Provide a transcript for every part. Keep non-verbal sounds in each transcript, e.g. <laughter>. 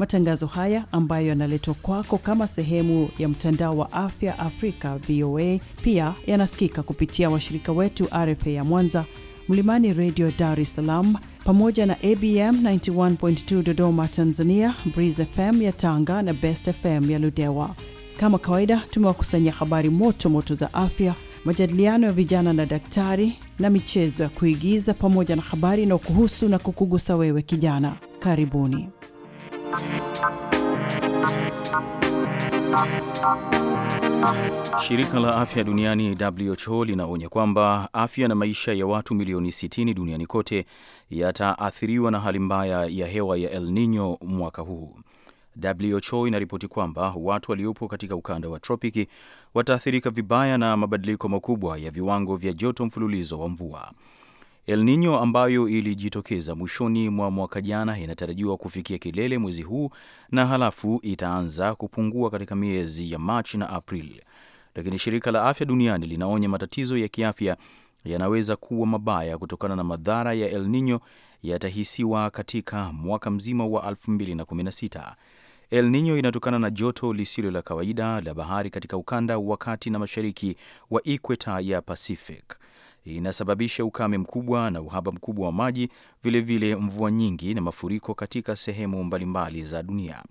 Matangazo haya ambayo yanaletwa kwako kama sehemu ya mtandao wa afya Afrika VOA pia yanasikika kupitia washirika wetu RFA ya Mwanza, Mlimani Radio Dar es Salaam pamoja na ABM 91.2 Dodoma Tanzania, Breeze FM ya Tanga na Best FM ya Ludewa. Kama kawaida, tumewakusanyia habari moto moto za afya, majadiliano ya vijana na daktari, na michezo ya kuigiza pamoja na habari inayokuhusu na kukugusa wewe kijana. Karibuni. Shirika la Afya Duniani WHO linaonya kwamba afya na maisha ya watu milioni 60 duniani kote yataathiriwa na hali mbaya ya hewa ya El Nino mwaka huu. WHO inaripoti kwamba watu waliopo katika ukanda wa tropiki wataathirika vibaya na mabadiliko makubwa ya viwango vya joto mfululizo wa mvua. El Nino ambayo ilijitokeza mwishoni mwa mwaka jana inatarajiwa kufikia kilele mwezi huu na halafu itaanza kupungua katika miezi ya Machi na Aprili, lakini shirika la afya duniani linaonya matatizo ya kiafya yanaweza kuwa mabaya kutokana na madhara ya El Nino yatahisiwa katika mwaka mzima wa 2016. El Nino inatokana na joto lisilo la kawaida la bahari katika ukanda wa kati na mashariki wa ikweta ya Pacific inasababisha ukame mkubwa na uhaba mkubwa wa maji, vilevile vile mvua nyingi na mafuriko katika sehemu mbalimbali za dunia.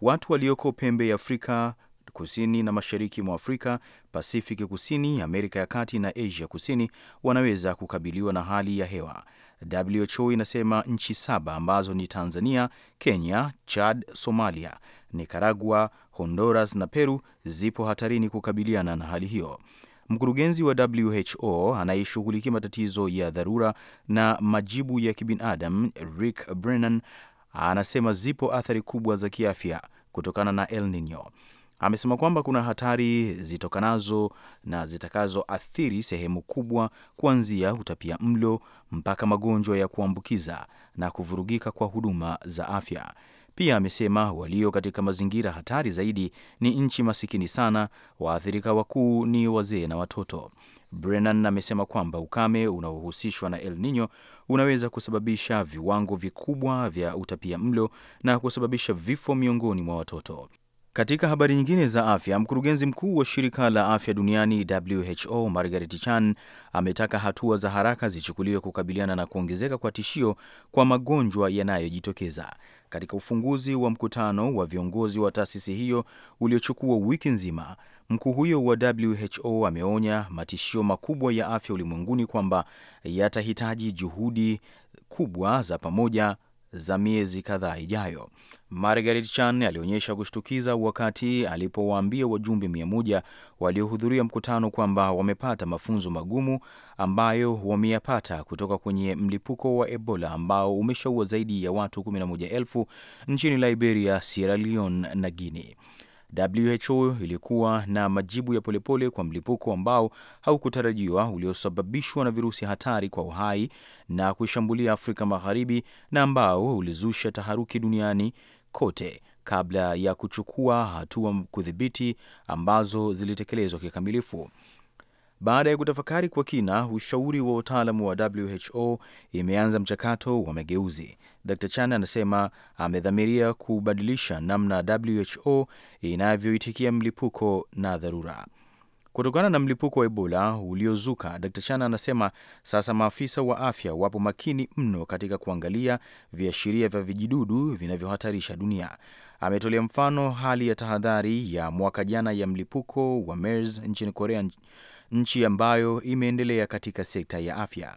Watu walioko pembe ya Afrika kusini na mashariki mwa Afrika, Pasifiki kusini, Amerika ya kati na Asia kusini wanaweza kukabiliwa na hali ya hewa. WHO inasema nchi saba ambazo ni Tanzania, Kenya, Chad, Somalia, Nicaragua, Honduras na Peru zipo hatarini kukabiliana na hali hiyo. Mkurugenzi wa WHO anayeshughulikia matatizo ya dharura na majibu ya kibinadamu Rick Brennan anasema zipo athari kubwa za kiafya kutokana na El Nino. Amesema kwamba kuna hatari zitokanazo na zitakazoathiri sehemu kubwa kuanzia utapia mlo mpaka magonjwa ya kuambukiza na kuvurugika kwa huduma za afya. Pia amesema walio katika mazingira hatari zaidi ni nchi masikini sana, waathirika wakuu ni wazee na watoto. Brennan amesema kwamba ukame unaohusishwa na El Nino unaweza kusababisha viwango vikubwa vya utapia mlo na kusababisha vifo miongoni mwa watoto. Katika habari nyingine za afya, mkurugenzi mkuu wa shirika la afya duniani WHO Margaret Chan ametaka hatua za haraka zichukuliwe kukabiliana na kuongezeka kwa tishio kwa magonjwa yanayojitokeza. Katika ufunguzi wa mkutano wa viongozi wa taasisi hiyo uliochukua wiki nzima, mkuu huyo wa WHO ameonya matishio makubwa ya afya ulimwenguni kwamba yatahitaji juhudi kubwa za pamoja za miezi kadhaa ijayo. Margaret Chan alionyesha kushtukiza wakati alipowaambia wajumbe mia moja waliohudhuria mkutano kwamba wamepata mafunzo magumu ambayo wameyapata kutoka kwenye mlipuko wa Ebola ambao umeshaua zaidi ya watu 11,000 nchini Liberia, Sierra Leone na Guinea. WHO ilikuwa na majibu ya polepole kwa mlipuko ambao haukutarajiwa uliosababishwa na virusi hatari kwa uhai na kushambulia Afrika Magharibi na ambao ulizusha taharuki duniani kote kabla ya kuchukua hatua kudhibiti ambazo zilitekelezwa kikamilifu. Baada ya kutafakari kwa kina ushauri wa wataalamu wa WHO imeanza mchakato wa mageuzi. Dr Chan anasema amedhamiria kubadilisha namna WHO inavyoitikia mlipuko na dharura. Kutokana na mlipuko wa Ebola uliozuka, d Chana anasema sasa maafisa wa afya wapo makini mno katika kuangalia viashiria vya vijidudu vinavyohatarisha dunia. Ametolea mfano hali ya tahadhari ya mwaka jana ya mlipuko wa MERS nchini Korea, nchi ambayo imeendelea katika sekta ya afya.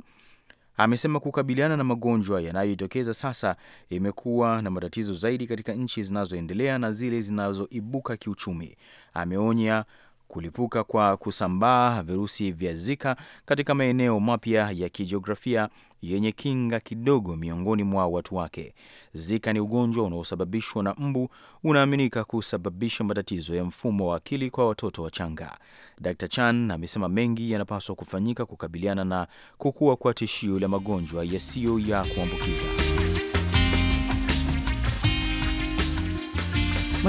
Amesema kukabiliana na magonjwa yanayojitokeza sasa imekuwa na matatizo zaidi katika nchi zinazoendelea na zile zinazoibuka kiuchumi. Ameonya Kulipuka kwa kusambaa virusi vya Zika katika maeneo mapya ya kijiografia yenye kinga kidogo miongoni mwa watu wake. Zika ni ugonjwa unaosababishwa na mbu, unaaminika kusababisha matatizo ya mfumo wa akili kwa watoto wachanga. Dr. Chan amesema mengi yanapaswa kufanyika kukabiliana na kukua kwa tishio la magonjwa yasiyo ya kuambukiza.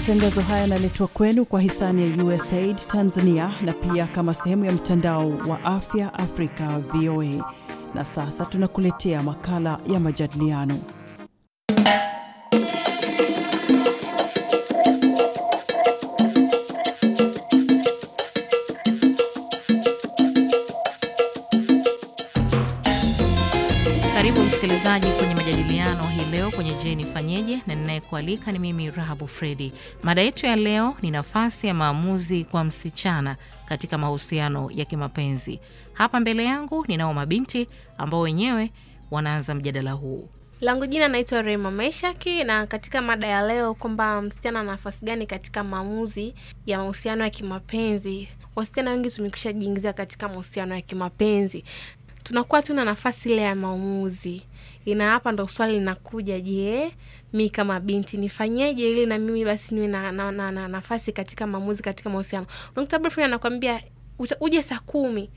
Matangazo haya yanaletwa kwenu kwa hisani ya USAID Tanzania na pia kama sehemu ya mtandao wa afya Afrika VOA. Na sasa tunakuletea makala ya majadiliano. msikilizaji kwenye majadiliano hii leo kwenye Je, Nifanyeje, na ninayekualika ni mimi Rahabu Fredi. Mada yetu ya leo ni nafasi ya maamuzi kwa msichana katika mahusiano ya kimapenzi. Hapa mbele yangu ninao mabinti ambao wenyewe wanaanza mjadala huu. Langu jina naitwa Rema Meshaki, na katika mada ya leo kwamba msichana ana nafasi gani katika maamuzi ya mahusiano ya kimapenzi. Wasichana wengi tumekusha jiingizia katika mahusiano ya kimapenzi, tunakuwa tuna nafasi ile ya maamuzi ina hapa ndo swali linakuja, je, mi kama binti nifanyeje ili na mimi basi niwe na, na, na, na nafasi katika maamuzi katika mahusiano. Unakuta boyfriend anakwambia uje saa kumi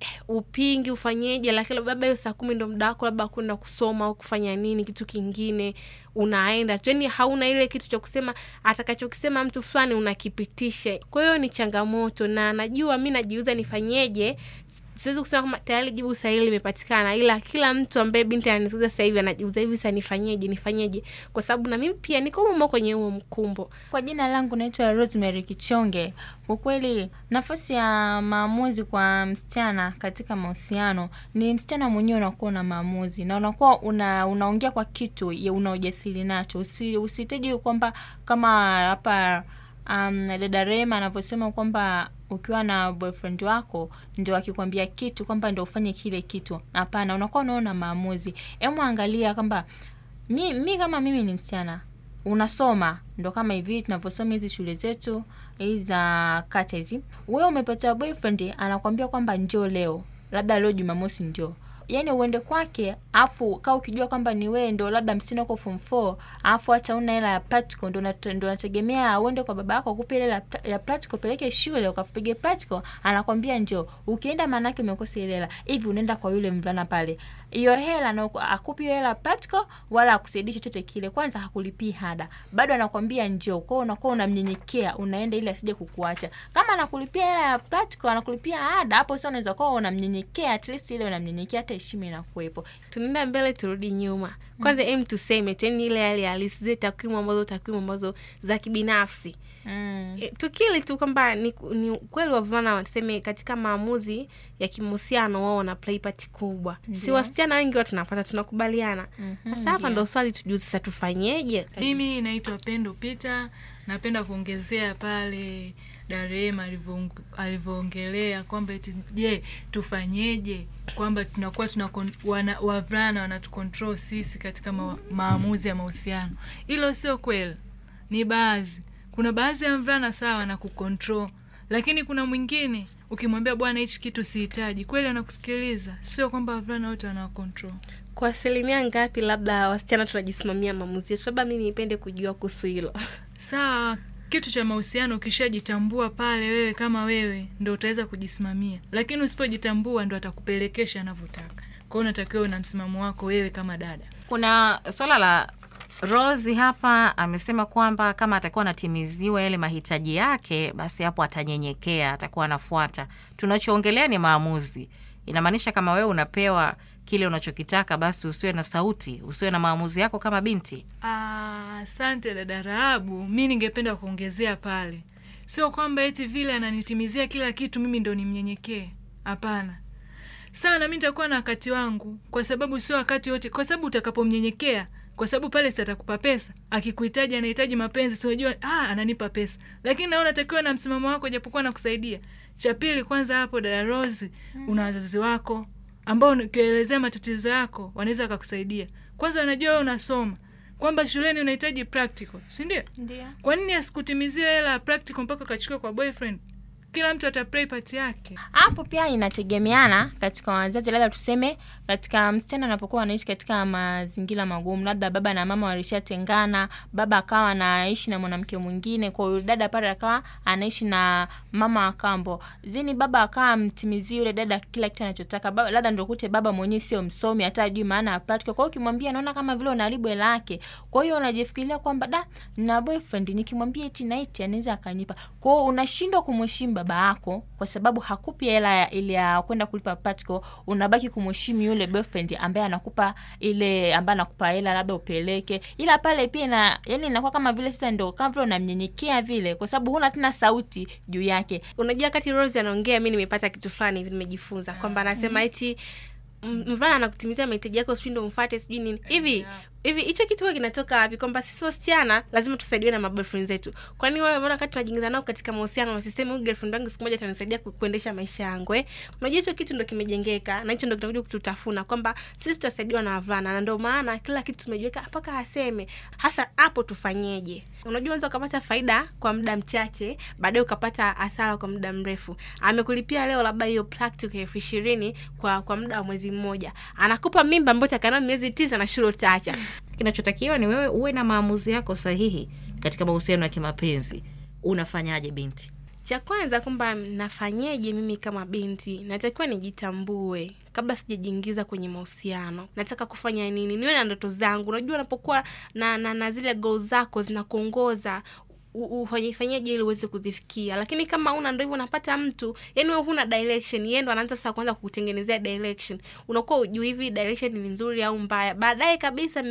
eh, upingi ufanyeje, lakini labda hiyo saa kumi ndo muda wako labda kwenda kusoma au kufanya nini kitu kingine, unaenda tu, yani hauna ile kitu cha kusema atakachokisema mtu fulani unakipitisha. Kwa hiyo ni changamoto, na najua mi najiuza nifanyeje siwezi kusema tayari jibu sahihi limepatikana, ila kila mtu ambaye binti ananisikiza sasa hivi anajiuza hivi, sasa nifanyeje, nifanyeje? Kwa sababu na mimi pia niko humo kwenye huo mkumbo. Kwa jina langu naitwa Rosemary Kichonge. Kwa kweli nafasi ya maamuzi kwa msichana katika mahusiano ni msichana mwenyewe, unakuwa na maamuzi na unakuwa una, unaongea kwa kitu ya una ujasiri nacho, usihitaji kwamba kama hapa um, dada Rema anavyosema kwamba ukiwa na boyfriend wako ndio akikwambia kitu kwamba ndio ufanye kile kitu. Hapana, unakuwa unaona maamuzi. hemu angalia kwamba mi, mi kama mimi ni msichana unasoma ndo kama hivi tunavyosoma hizi shule zetu hii za kata hizi. Wewe umepata boyfriend, anakwambia kwamba njoo leo, labda leo Jumamosi njoo yani uende kwake afu kaa ukijua kwamba ni wewe ndo labda msini uko form 4 afu hata una hela ya practical ndo ndo nategemea uende kwa baba yako akupe hela ya practical peleke shule ukapige practical anakwambia njoo ukienda maana yake umekosa ile hela hivi unaenda kwa yule mvulana pale hiyo hela na akupi hiyo hela practical wala akusaidii chochote kile kwanza hakulipii hada bado anakwambia njoo kwao unakuwa unamnyenyekea unaenda ili asije kukuacha kama anakulipia hela ya practical anakulipia ada hapo sio unaweza kuwa unamnyenyekea at least ile unamnyenyekea hata heshima inakuwepo. Tunaenda mbele turudi nyuma, kwanza mm. em, tuseme tueni ile hali halisi, zile takwimu ambazo takwimu ambazo za kibinafsi mm. E, tukili tu kwamba ni, ni kweli wavulana waseme katika maamuzi ya kimuhusiano wao wana play part kubwa -hmm. Si wasichana wengi wa tunapata tunakubaliana mm-hmm. sasa mm -hmm, hapa Ndo swali tujuzi sasa tufanyeje? Mimi naitwa Pendo Peter, napenda kuongezea pale Darema alivyoongelea kwamba eti je, tufanyeje kwamba tunakuwa tuna wana, wavulana wanatukontrol sisi katika ma, maamuzi ya mahusiano. Hilo sio kweli, ni baadhi. Kuna baadhi ya mvulana sawa na kukontrol, lakini kuna mwingine ukimwambia bwana, hichi kitu sihitaji, kweli anakusikiliza. Sio kwamba wavulana wote wanawakontrol. Kwa asilimia ngapi labda wasichana tunajisimamia maamuzi yetu? Labda mi nipende kujua kuhusu hilo. Sawa kitu cha mahusiano ukishajitambua pale wewe kama wewe ndo utaweza kujisimamia, lakini usipojitambua ndo atakupelekesha anavyotaka. Kwa unatakiwa una msimamo wako wewe kama dada. Kuna swala la rosi hapa amesema kwamba kama atakuwa anatimiziwa yale mahitaji yake, basi hapo atanyenyekea, atakuwa anafuata. Tunachoongelea ni maamuzi. Inamaanisha kama wewe unapewa kile unachokitaka, basi usiwe na sauti, usiwe na maamuzi yako kama binti. Asante ah, dada Rahabu, mi ningependa kuongezea pale, sio kwamba eti vile ananitimizia kila kitu mimi ndo nimnyenyekee. Hapana sana, mi nitakuwa na wakati wangu, kwa sababu sio wakati wote, kwa sababu utakapomnyenyekea kwa sababu pale satakupa pesa, akikuhitaji anahitaji mapenzi, sinajua unajua ah, ananipa pesa, lakini naona takiwa na msimamo wako, japokuwa nakusaidia. Cha pili kwanza hapo, dada Rose, mm. una wazazi wako ambao ukielezea matatizo yako wanaweza wakakusaidia. Kwanza wanajua wewe unasoma kwamba shuleni unahitaji practical, si ndio? Kwa nini asikutimizie hela ya practical mpaka ukachukua kwa boyfriend? kila mtu atapray part yake. Hapo pia inategemeana katika wazazi, labda tuseme katika msichana anapokuwa anaishi katika mazingira magumu, labda baba na mama walishatengana, baba akawa anaishi na mwanamke mwingine, kwa hiyo dada pale akawa anaishi na mama wa kambo zini, baba akawa mtimizie yule dada kila kitu anachotaka labda ndio kute baba mwenyewe sio msomi, hata ajui maana ya practical. Kwa hiyo ukimwambia, naona kama vile unaharibu hela yake, kwa hiyo unajifikiria kwamba da, na boyfriend nikimwambia eti na eti anaweza akanipa, kwa hiyo unashindwa kumheshimu baba yako, kwa sababu hakupi hela ile ya kwenda kulipa patiko, unabaki kumheshimu yule boyfriend ambaye anakupa ile ambaye anakupa hela labda upeleke, ila pale pia na yani inakuwa kama vile sasa ndio kama vile unamnyenyekea vile, kwa sababu huna tena sauti juu yake. Unajua, kati Rose anaongea, mimi nimepata kitu fulani hivi nimejifunza kwamba anasema mm-hmm. eti mvulana anakutimizia mahitaji yako, sijui ndo mfate, sijui nini eh, hivi hivi hicho kitu huwa kinatoka wapi? Kwamba sisi wasichana lazima tusaidiwe na maboyfriend zetu. Kwani wao bora wakati tunajiingiza nao katika mahusiano wasiseme huyu girlfriend wangu siku moja atanisaidia kuendesha maisha yangu eh? Unajua hicho kitu ndo kimejengeka na hicho ndo kinakuja kututafuna kwamba sisi tutasaidiwa na wavana, na ndio maana kila kitu tumejiweka mpaka aseme hasa hapo tufanyeje. Unajua unaweza ukapata faida kwa muda mchache, baadaye ukapata hasara kwa muda mrefu. Amekulipia leo labda hiyo practical elfu ishirini kwa kwa muda wa mwezi mmoja, anakupa mimba ambayo utakaa miezi tisa na shule utaacha Kinachotakiwa ni wewe uwe na maamuzi yako sahihi katika mahusiano ya kimapenzi. Unafanyaje binti? Cha kwanza kwamba nafanyeje mimi kama binti, natakiwa nijitambue kabla sijajiingiza kwenye mahusiano. Nataka kufanya nini? Niwe na ndoto zangu. Unajua, unapokuwa na, na, na zile goals zako zinakuongoza, ufanyifanyaji ili uweze kuzifikia, lakini kama una ndo hivyo, unapata mtu yani wewe huna direction, yeye ndo anaanza sasa kwanza kukutengenezea direction, unakuwa ujuu hivi direction ni nzuri au mbaya. Baadaye kabisa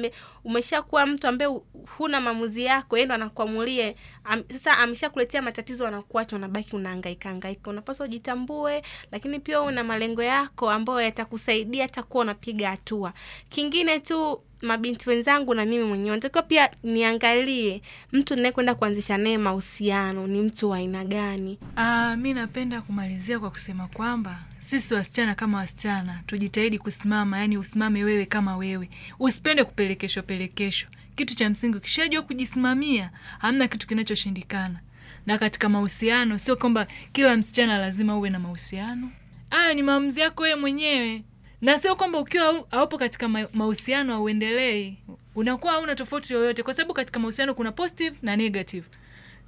umeshakuwa mtu ambaye huna maamuzi yako, yeye ndo anakuamulia am, sasa ameshakuletea matatizo, anakuacha unabaki unahangaika hangaika. Unapaswa ujitambue, lakini pia una malengo yako ambayo yatakusaidia hata kuwa unapiga hatua. Kingine tu mabinti wenzangu na mimi mwenyewe natakiwa pia niangalie mtu ninayekwenda kuanzisha naye mahusiano ni mtu wa aina gani. Ah, mi napenda kumalizia kwa kusema kwamba sisi wasichana kama wasichana tujitahidi kusimama, yani usimame wewe kama wewe, usipende kupelekeshwa pelekesho. Kitu cha msingi ukishajua kujisimamia, hamna kitu kinachoshindikana. Na katika mahusiano, sio kwamba kila msichana lazima uwe na mahusiano. Haya ni maamuzi yako wewe mwenyewe, na sio kwamba ukiwa haupo katika mahusiano hauendelei, unakuwa hauna tofauti yoyote, kwa sababu katika mahusiano kuna positive na negative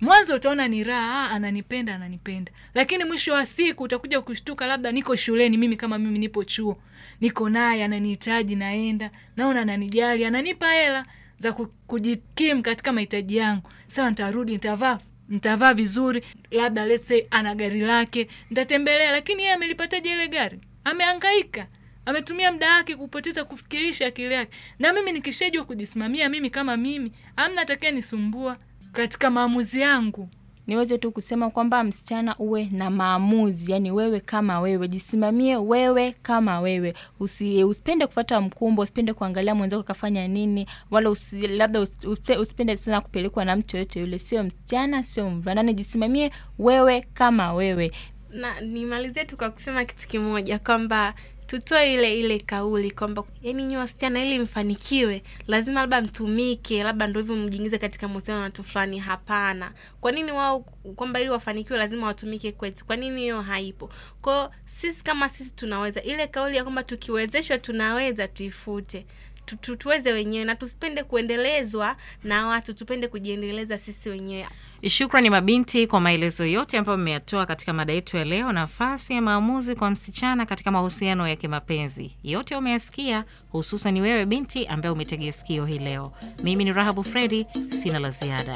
mwanzo utaona ni raha ah, ananipenda ananipenda lakini mwisho wa siku utakuja kushtuka labda niko shuleni mimi kama mimi nipo chuo niko naye ananihitaji naenda naona ananijali ananipa hela za kujikim katika mahitaji yangu sawa ntarudi ntavaa ntavaa vizuri labda lese ana gari lake ntatembelea lakini yeye amelipataje ile gari ameangaika ametumia muda wake kupoteza kufikirisha akili yake na mimi nikishajua kujisimamia mimi kama mimi amna atakaye nisumbua katika maamuzi yangu niweze tu kusema kwamba msichana uwe na maamuzi, yani wewe kama wewe, jisimamie wewe kama wewe. Usi, usipende kufata mkumbo, usipende kuangalia mwenzako kafanya nini, wala usi, labda us, usipende sana kupelekwa na mtu yoyote yule, sio msichana, sio mvanani jisimamie wewe kama wewe, na nimalizie tu kwa kusema kitu kimoja kwamba tutoe ile ile kauli kwamba yani nyi wasichana ili mfanikiwe lazima labda mtumike, labda ndo hivyo mjingize katika mahusiano na watu fulani. Hapana, kwa nini wao kwamba ili wafanikiwe lazima watumike kwetu? Kwa nini hiyo haipo? kwao sisi kama sisi tunaweza, ile kauli ya kwamba tukiwezeshwa tunaweza, tuifute tuweze wenyewe, na tusipende kuendelezwa na watu, tupende kujiendeleza sisi wenyewe. Shukrani mabinti kwa maelezo yote ambayo mmeyatoa katika mada yetu ya leo, nafasi ya maamuzi kwa msichana katika mahusiano ya kimapenzi. Yote umeyasikia, hususan wewe binti ambaye umetegea sikio hii leo. Mimi ni Rahabu Fredi, sina la ziada.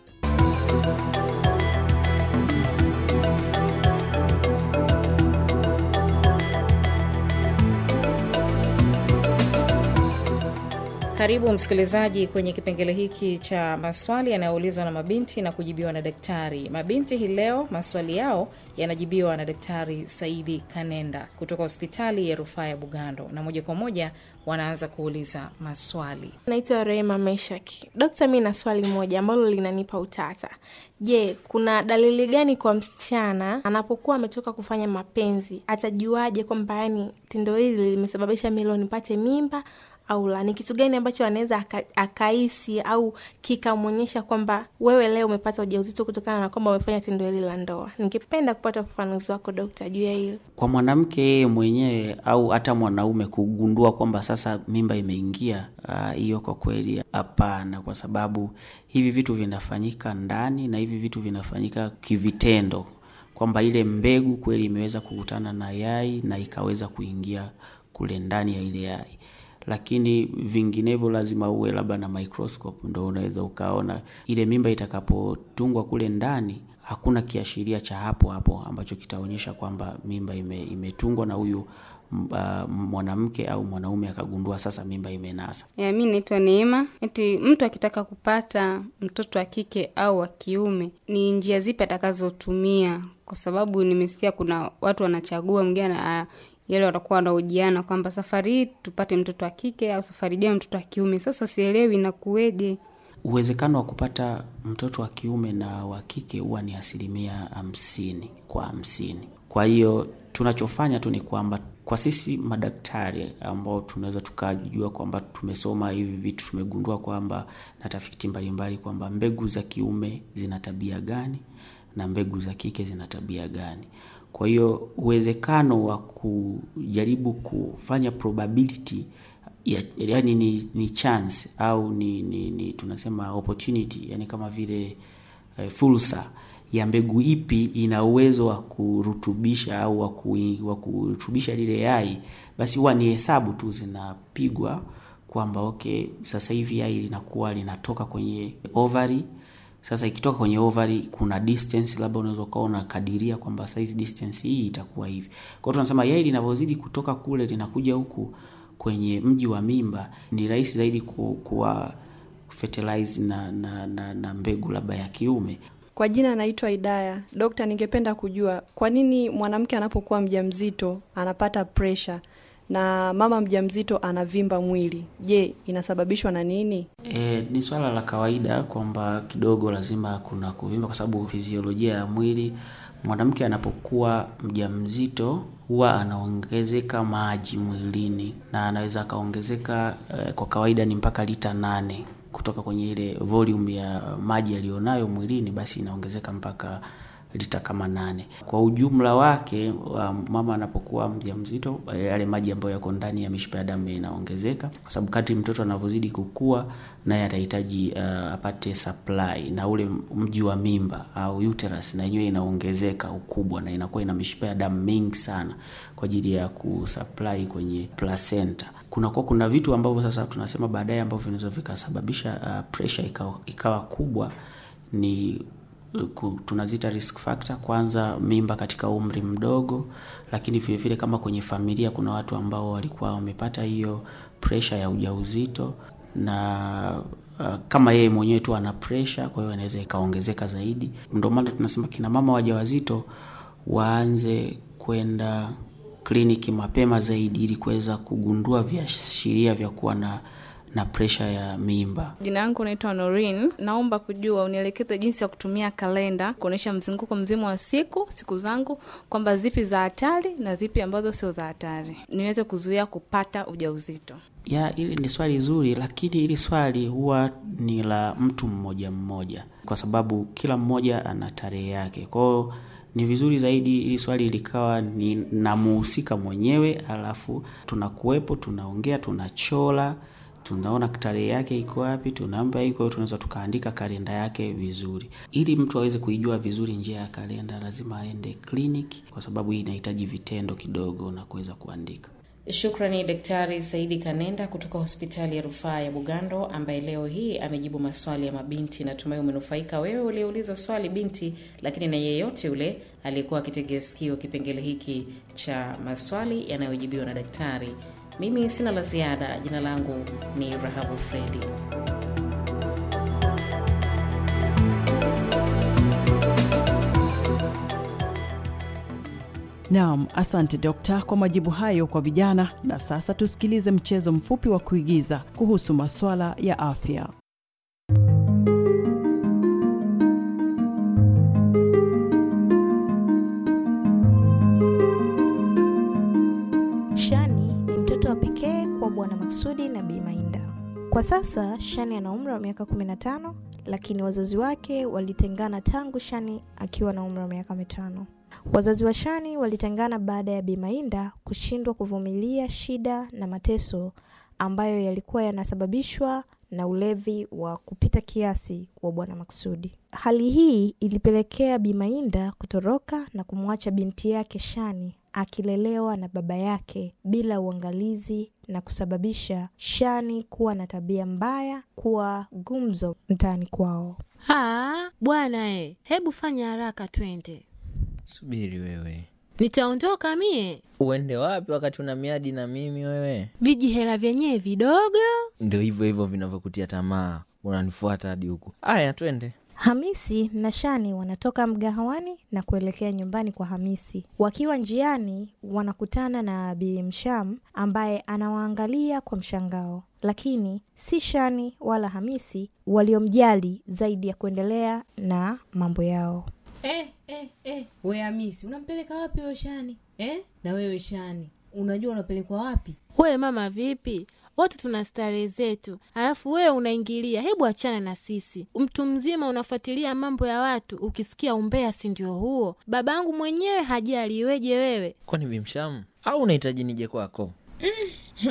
Karibu msikilizaji kwenye kipengele hiki cha maswali yanayoulizwa na mabinti na kujibiwa na daktari. Mabinti hii leo maswali yao yanajibiwa na Daktari Saidi Kanenda kutoka hospitali ya rufaa ya Bugando, na moja kwa moja wanaanza kuuliza maswali. Naitwa Rehema Meshaki. Dokta, mi na swali moja ambalo linanipa utata. Je, kuna dalili gani kwa msichana anapokuwa ametoka kufanya mapenzi, atajuaje kwamba yani tendo hili limesababisha milo nipate mimba au la, ni kitu gani ambacho anaweza aka, au kikamwonyesha kwamba wewe leo umepata ujauzito kutokana na kwamba umefanya tendo hili la ndoa. Ningependa kupata ufafanuzi wako Dokta juu ya hili. Kwa mwanamke yeye mwenyewe au hata mwanaume kugundua kwamba sasa mimba imeingia, ah, hiyo uh, kwa kweli hapana, kwa sababu hivi vitu vinafanyika ndani na hivi vitu vinafanyika kivitendo kwamba ile mbegu kweli imeweza kukutana na yai na ikaweza kuingia kule ndani ya ile yai lakini vinginevyo lazima uwe labda na microscope ndo unaweza ukaona ile mimba itakapotungwa kule ndani hakuna kiashiria cha hapo hapo ambacho kitaonyesha kwamba mimba ime, imetungwa na huyu uh, mwanamke au mwanaume akagundua sasa mimba imenasa. Yeah, mi naitwa Neema. ti mtu akitaka kupata mtoto wa kike au wa kiume ni njia zipi atakazotumia? Kwa sababu nimesikia kuna watu wanachagua mgine yale watakuwa wanaojiana kwamba safari hii tupate mtoto wa kike au safari ijayo mtoto wa kiume. Sasa sielewi inakuweje. Uwezekano wa kupata mtoto wa kiume na wa kike huwa ni asilimia hamsini kwa hamsini. Kwa hiyo tunachofanya tu ni kwamba kwa sisi madaktari ambao tunaweza tukajua kwamba tumesoma hivi vitu, tumegundua kwamba na tafiti mbalimbali kwamba mbegu za kiume zina tabia gani na mbegu za kike zina tabia gani. Kwa hiyo uwezekano wa kujaribu kufanya probability ya, yani ni, ni chance au ni, ni, ni tunasema opportunity yani kama vile eh, fursa ya mbegu ipi ina uwezo wa kurutubisha au wa kurutubisha lile yai, basi huwa ni hesabu tu zinapigwa kwamba okay, sasa hivi yai linakuwa linatoka kwenye ovary sasa ikitoka kwenye ovary kuna distance labda unaweza ukawa unakadiria kwamba size distance hii itakuwa hivi. Kwa hiyo tunasema yai linavyozidi kutoka kule linakuja huku kwenye mji wa mimba, ni rahisi zaidi ku, kuwa fertilize na, na, na, na mbegu labda ya kiume. Kwa jina naitwa idaya Dokta, ningependa kujua kwa nini mwanamke anapokuwa mjamzito anapata pressure na mama mjamzito anavimba mwili, je, inasababishwa na nini? E, ni swala la kawaida kwamba kidogo lazima kuna kuvimba, kwa sababu fiziolojia ya mwili, mwanamke anapokuwa mjamzito huwa anaongezeka maji mwilini na anaweza akaongezeka e, kwa kawaida ni mpaka lita nane kutoka kwenye ile volume ya maji yaliyonayo mwilini, basi inaongezeka mpaka lita kama nane. Kwa ujumla wake, mama anapokuwa mjamzito, eh, yale maji ambayo yako ndani ya mishipa ya damu inaongezeka, kwa sababu kadri mtoto anavyozidi kukua, naye atahitaji uh, apate supply, na ule mji wa mimba au uterus na yenyewe inaongezeka ukubwa, na inakuwa ina mishipa ya damu mingi sana kwa ajili ya kusupply kwenye placenta. Kunakuwa kuna vitu ambavyo sasa tunasema baadaye ambavyo vinaweza vikasababisha uh, pressure ikawa, ikawa kubwa ni Eh, tunazita risk factor, kwanza mimba katika umri mdogo, lakini vile vile kama kwenye familia kuna watu ambao walikuwa wamepata hiyo pressure ya ujauzito na uh, kama yeye mwenyewe tu ana pressure, kwa hiyo inaweza ikaongezeka zaidi. Ndio maana tunasema kina mama wajawazito waanze kwenda kliniki mapema zaidi ili kuweza kugundua viashiria vya kuwa na na presha ya mimba. Jina yangu naitwa Norin, naomba kujua unielekeze jinsi ya kutumia kalenda kuonyesha mzunguko mzima wa siku siku zangu, kwamba zipi za hatari na zipi ambazo sio za hatari, niweze kuzuia kupata ujauzito. Ya, hili ni swali zuri, lakini hili swali huwa ni la mtu mmoja mmoja, kwa sababu kila mmoja ana tarehe yake. Kwa ni vizuri zaidi hili swali likawa ni namuhusika mwenyewe, alafu tunakuwepo, tunaongea, tunachola tunaona tarehe yake iko wapi, tunamba hii. tunaweza tukaandika kalenda yake vizuri. Ili mtu aweze kuijua vizuri njia ya kalenda, lazima aende kliniki, kwa sababu hii inahitaji vitendo kidogo na kuweza kuandika. Shukrani Daktari Saidi Kanenda kutoka hospitali ya rufaa ya Bugando, ambaye leo hii amejibu maswali ya mabinti. Natumai umenufaika wewe uliyeuliza swali binti, lakini na yeyote yule aliyekuwa akitegea sikio kipengele hiki cha maswali yanayojibiwa na daktari mimi sina la ziada. Jina langu ni Rahabu Fredi. nam asante dokta kwa majibu hayo kwa vijana. Na sasa tusikilize mchezo mfupi wa kuigiza kuhusu masuala ya afya. Kwa sasa Shani ana umri wa miaka 15 lakini wazazi wake walitengana tangu Shani akiwa na umri wa miaka mitano. Wazazi wa Shani walitengana baada ya bimainda kushindwa kuvumilia shida na mateso ambayo yalikuwa yanasababishwa na ulevi wa kupita kiasi wa Bwana Maksudi. Hali hii ilipelekea bimainda kutoroka na kumwacha binti yake Shani akilelewa na baba yake bila uangalizi na kusababisha Shani kuwa na tabia mbaya, kuwa gumzo mtaani kwao. Bwana e, hebu fanya haraka twende. Subiri wewe, nitaondoka mie. Uende wapi wakati una miadi na mimi wewe? Vijihela vyenyewe vidogo. Ndio hivyo hivyo vinavyokutia tamaa, unanifuata hadi huku. Aya, twende. Hamisi na Shani wanatoka mgahawani na kuelekea nyumbani kwa Hamisi. Wakiwa njiani, wanakutana na Bi Msham ambaye anawaangalia kwa mshangao, lakini si Shani wala Hamisi waliomjali zaidi ya kuendelea na mambo yao. Eh, eh, eh. We Hamisi, unampeleka wapi wewe Shani eh? na wewe Shani, unajua unapelekwa wapi wewe? Mama vipi wote tuna starehe zetu, alafu wewe unaingilia. Hebu achana na sisi. Mtu mzima unafuatilia mambo ya watu, ukisikia umbea, si ndio huo? baba yangu mwenyewe hajali, iweje wewe? Kwani Bimshamu, au unahitaji nije kwako? <clears throat>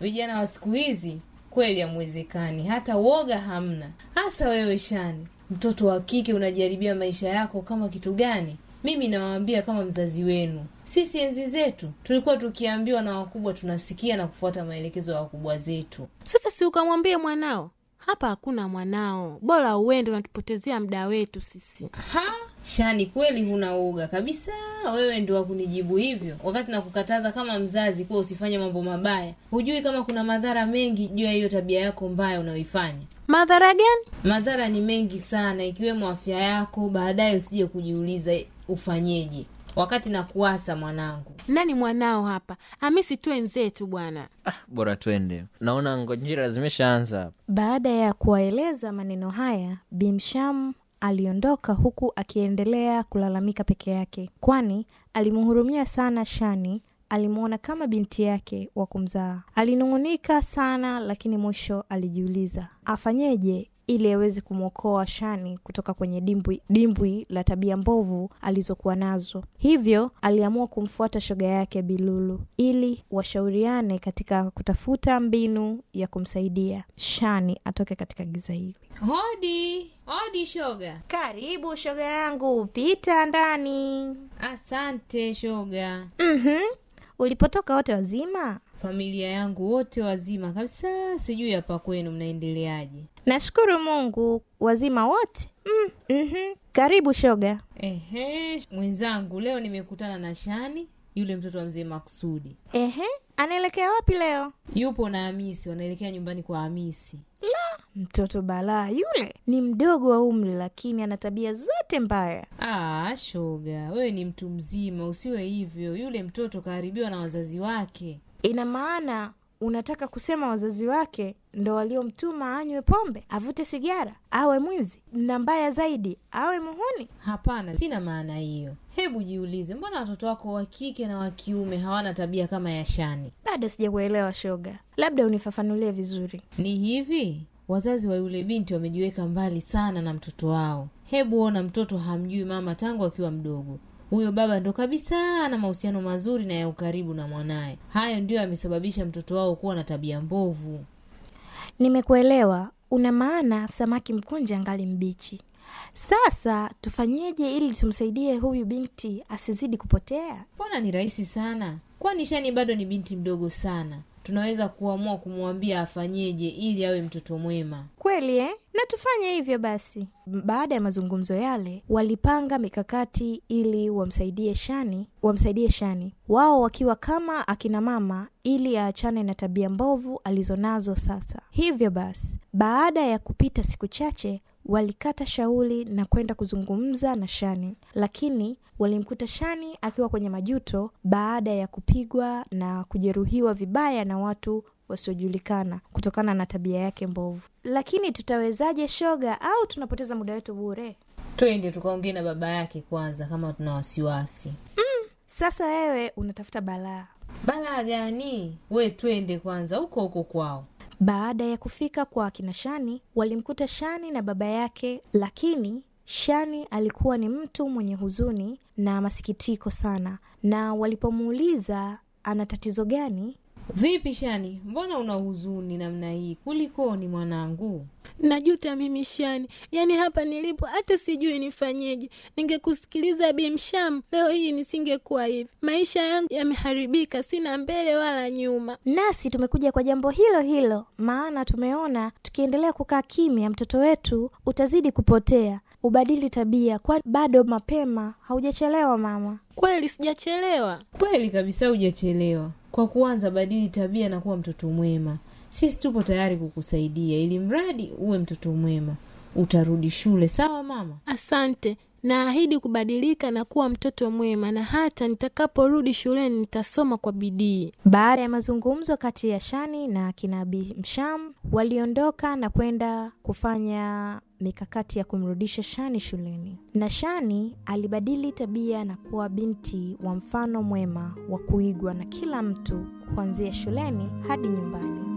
Vijana wa siku hizi kweli hamwezekani, hata woga hamna, hasa wewe Shani, mtoto wa kike unajaribia maisha yako kama kitu gani? mimi nawaambia kama mzazi wenu, sisi enzi zetu tulikuwa tukiambiwa na wakubwa, tunasikia na kufuata maelekezo ya wakubwa zetu. Sasa si ukamwambie mwanao hapa hakuna mwanao, bora uende, unatupotezea muda wetu sisi. Ha, Shani, kweli huna uga kabisa. Wewe ndio wakunijibu hivyo, wakati nakukataza kama mzazi kuwa usifanye mambo mabaya. Hujui kama kuna madhara mengi juu ya hiyo tabia yako mbaya unayoifanya. Madhara gani? Madhara ni mengi sana, ikiwemo afya yako, baadaye usije kujiuliza ufanyeje wakati na kuasa mwanangu. Nani mwanao hapa? amisi twenzetu bwana. Ah, bora twende, naona ngonjira zimeshaanza hapa. Baada ya kuwaeleza maneno haya, Bimsham aliondoka huku akiendelea kulalamika peke yake, kwani alimhurumia sana Shani alimwona kama binti yake wa kumzaa. Alinung'unika sana, lakini mwisho alijiuliza afanyeje ili aweze kumwokoa Shani kutoka kwenye dimbwi, dimbwi la tabia mbovu alizokuwa nazo. Hivyo aliamua kumfuata shoga yake Bilulu ili washauriane katika kutafuta mbinu ya kumsaidia Shani atoke katika giza hili. Hodi hodi, shoga. Karibu shoga yangu, pita ndani. Asante shoga. Mm-hmm. Ulipotoka wote wazima? Familia yangu wote wazima kabisa. Sijui hapa kwenu mnaendeleaje? Nashukuru Mungu, wazima wote. mm, mm -hmm. Karibu shoga. Ehe, mwenzangu, leo nimekutana na Shani, yule mtoto wa mzee Maksudi. Ehe, anaelekea wapi leo? Yupo na Hamisi, wanaelekea nyumbani kwa Hamisi. La, mtoto balaa yule, ni mdogo wa umri lakini ana tabia zote mbaya. Ah, shoga, wewe ni mtu mzima, usiwe hivyo. Yule mtoto kaharibiwa na wazazi wake. Ina maana unataka kusema wazazi wake ndo waliomtuma anywe pombe, avute sigara, awe mwizi na mbaya zaidi awe muhuni? Hapana, sina maana hiyo. Hebu jiulize, mbona watoto wako wa kike na wa kiume hawana tabia kama ya Shani? Bado sijakuelewa shoga, labda unifafanulie vizuri. Ni hivi, wazazi wa yule binti wamejiweka mbali sana na mtoto wao. Hebu ona, mtoto hamjui mama tangu akiwa mdogo huyo baba ndo kabisa ana mahusiano mazuri na ya ukaribu na mwanaye. Hayo ndiyo yamesababisha mtoto wao kuwa na tabia mbovu. Nimekuelewa, una maana samaki mkunje angali mbichi. Sasa tufanyeje ili tumsaidie huyu binti asizidi kupotea? Mbona ni rahisi sana, kwani Shani bado ni binti mdogo sana tunaweza kuamua kumwambia afanyeje ili awe mtoto mwema kweli eh? na tufanye hivyo basi. Baada ya mazungumzo yale, walipanga mikakati ili wamsaidie Shani, wamsaidie Shani wao wakiwa kama akina mama, ili aachane na tabia mbovu alizonazo sasa. Hivyo basi, baada ya kupita siku chache walikata shauli na kwenda kuzungumza na Shani, lakini walimkuta Shani akiwa kwenye majuto baada ya kupigwa na kujeruhiwa vibaya na watu wasiojulikana kutokana na tabia yake mbovu. Lakini tutawezaje shoga, au tunapoteza muda wetu bure? Twende tukaongee na baba yake kwanza, kama tuna wasiwasi mm. Sasa wewe unatafuta balaa. Balaa gani? We, twende kwanza huko huko kwao. Baada ya kufika kwa akina Shani, walimkuta Shani na baba yake, lakini Shani alikuwa ni mtu mwenye huzuni na masikitiko sana, na walipomuuliza ana tatizo gani, Vipi Shani, mbona una huzuni namna hii? Kulikoni mwanangu? Najuta mimi Shani, yaani hapa nilipo hata sijui nifanyeje. Ningekusikiliza Bimsham leo hii nisingekuwa hivi. Maisha yangu yameharibika, sina mbele wala nyuma. Nasi tumekuja kwa jambo hilo hilo, maana tumeona tukiendelea kukaa kimya, mtoto wetu utazidi kupotea ubadili tabia, kwa bado mapema. Haujachelewa mama. Kweli sijachelewa. Kweli kabisa, hujachelewa. Kwa kuanza, badili tabia na kuwa mtoto mwema. Sisi tupo tayari kukusaidia, ili mradi uwe mtoto mwema. Utarudi shule, sawa mama? Asante. Naahidi kubadilika na kuwa mtoto mwema na hata nitakaporudi shuleni nitasoma kwa bidii. Baada ya mazungumzo kati ya Shani na kinabi msham waliondoka na kwenda kufanya mikakati ya kumrudisha Shani shuleni. Na Shani alibadili tabia na kuwa binti wa mfano mwema wa kuigwa na kila mtu kuanzia shuleni hadi nyumbani.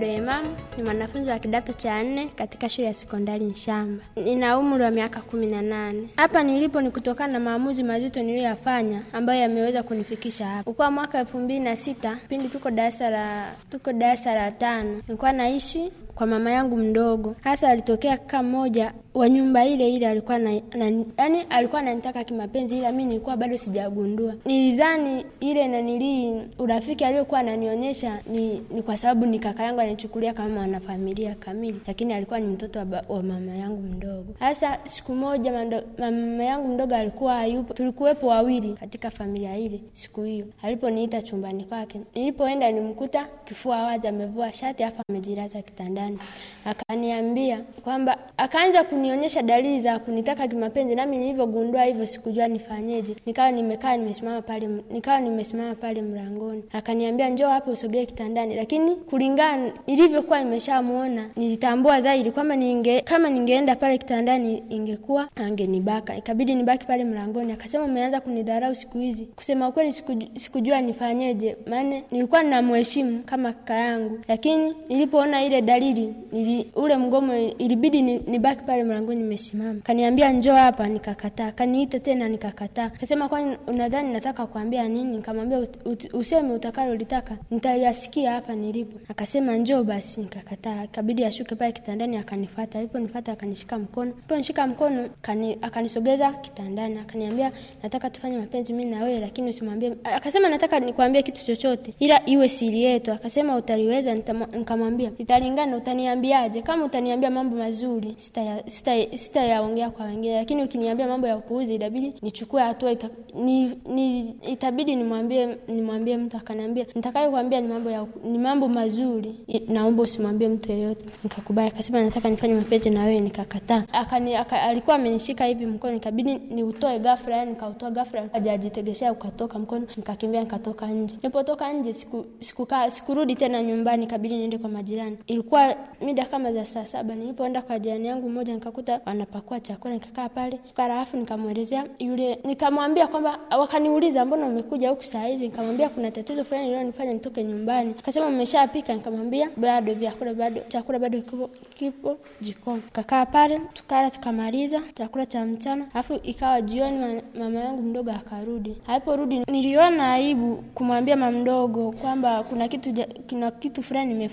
Doemam ni mwanafunzi wa kidato cha nne katika shule ya sekondari Nshamba. Nina umri wa miaka kumi na nane. Hapa nilipo ni kutokana na maamuzi mazito niliyoyafanya ambayo yameweza kunifikisha hapa. Ukuwa mwaka elfu mbili na sita pindi tuko darasa la tuko darasa la tano nilikuwa naishi kwa mama yangu mdogo. Hasa alitokea kaka mmoja wa nyumba ile ile, alikuwa na, na, yani alikuwa ananitaka kimapenzi, ila mi nilikuwa bado sijagundua. Nilidhani ile nanilii urafiki aliyokuwa ananionyesha ni, ni kwa sababu ni kaka yangu anachukulia kama mwanafamilia kamili, lakini alikuwa ni mtoto wa, wa mama yangu mdogo. Hasa siku moja mando, mama yangu mdogo alikuwa hayupo, tulikuwepo wawili katika familia ile. Siku hiyo aliponiita chumbani kwake, nilipoenda nilimkuta kifua wazi, amevua shati afu amejilaza kitandani ndani. Akaniambia kwamba akaanza kunionyesha dalili za kunitaka kimapenzi, nami nilivyogundua hivyo sikujua nifanyeje. Nikawa nimekaa nimesimama pale, nikawa nimesimama pale mlangoni. Akaniambia njoo hapo usogee kitandani, lakini kulingana ilivyokuwa nimeshamuona nilitambua dhahiri kwamba ninge, kama ningeenda pale kitandani ingekuwa angenibaka. Ikabidi nibaki pale mlangoni. Akasema umeanza kunidharau siku hizi. Kusema ukweli sikujua, sikujua nifanyeje, maana nilikuwa ninamheshimu kama kaka yangu, lakini nilipoona ile dalili baridi nili, ule mgomo ilibidi nibaki pale mlangoni nimesimama. Kaniambia njoo hapa, nikakataa. Kaniita tena nikakataa. Kasema kwani unadhani nataka kuambia nini? Nikamwambia useme utakalo litaka nitayasikia hapa nilipo. Akasema njoo basi, nikakataa. Ikabidi ashuke pale kitandani, akanifuata. Aliponifuata akanishika mkono, aliponishika mkono kani, akanisogeza kitandani, akaniambia nataka tufanye mapenzi mimi na wewe, lakini usimwambie. Akasema nataka nikwambie kitu chochote, ila iwe siri yetu. Akasema utaliweza. Nikamwambia italingana utaniambiaje? Kama utaniambia mambo mazuri sitayaongea sita, sita kwa wengine, lakini ukiniambia mambo ya upuuzi itabidi nichukue hatua ita, ni, ni, itabidi nimwambie nimwambie mtu akaniambia, nitakayokuambia ni mambo ya ni mambo mazuri, naomba usimwambie mtu yeyote. Nikakubali, akasema nataka nifanye mapezi na wewe, nikakataa. Akani aka, alikuwa amenishika hivi mkono, ikabidi niutoe gafra yani nikautoa ghafla, hajajitegeshea ukatoka mkono, nikakimbia nikatoka nje. nipotoka nje siku sikukaa sikurudi tena nyumbani, kabidi niende kwa majirani. Ilikuwa mida kama za saa saba nilipoenda kwa jirani yangu mmoja, nikakuta wanapakua chakula, nikakaa pale afu nikamwelezea yule, nikamwambia kwamba, wakaniuliza mbona umekuja huku saa hizi? Nikamwambia kuna tatizo fulani lilonifanya nitoke nyumbani. Akasema umeshapika? Nikamwambia bado, vyakula bado, chakula bado kipo, kipo jikoni. Kakaa pale tukala, tukamaliza chakula cha mchana, alafu ikawa jioni, mama yangu mdogo akarudi. Aliporudi niliona aibu kumwambia mamdogo kwamba kuna kitu, kuna kitu fulani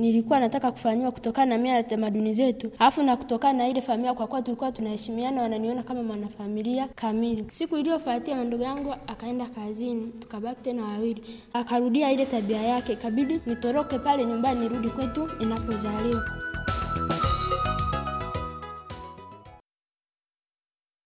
nilikuwa nataka nataka kufanyiwa kutokana na mila na tamaduni zetu, alafu na kutokana na ile familia, kwa kuwa tulikuwa tunaheshimiana, wananiona kama mwanafamilia kamili. Siku iliyofuatia ndugu yangu akaenda kazini, tukabaki tena wawili, akarudia ile tabia yake, ikabidi nitoroke pale nyumbani nirudi kwetu ninapozaliwa.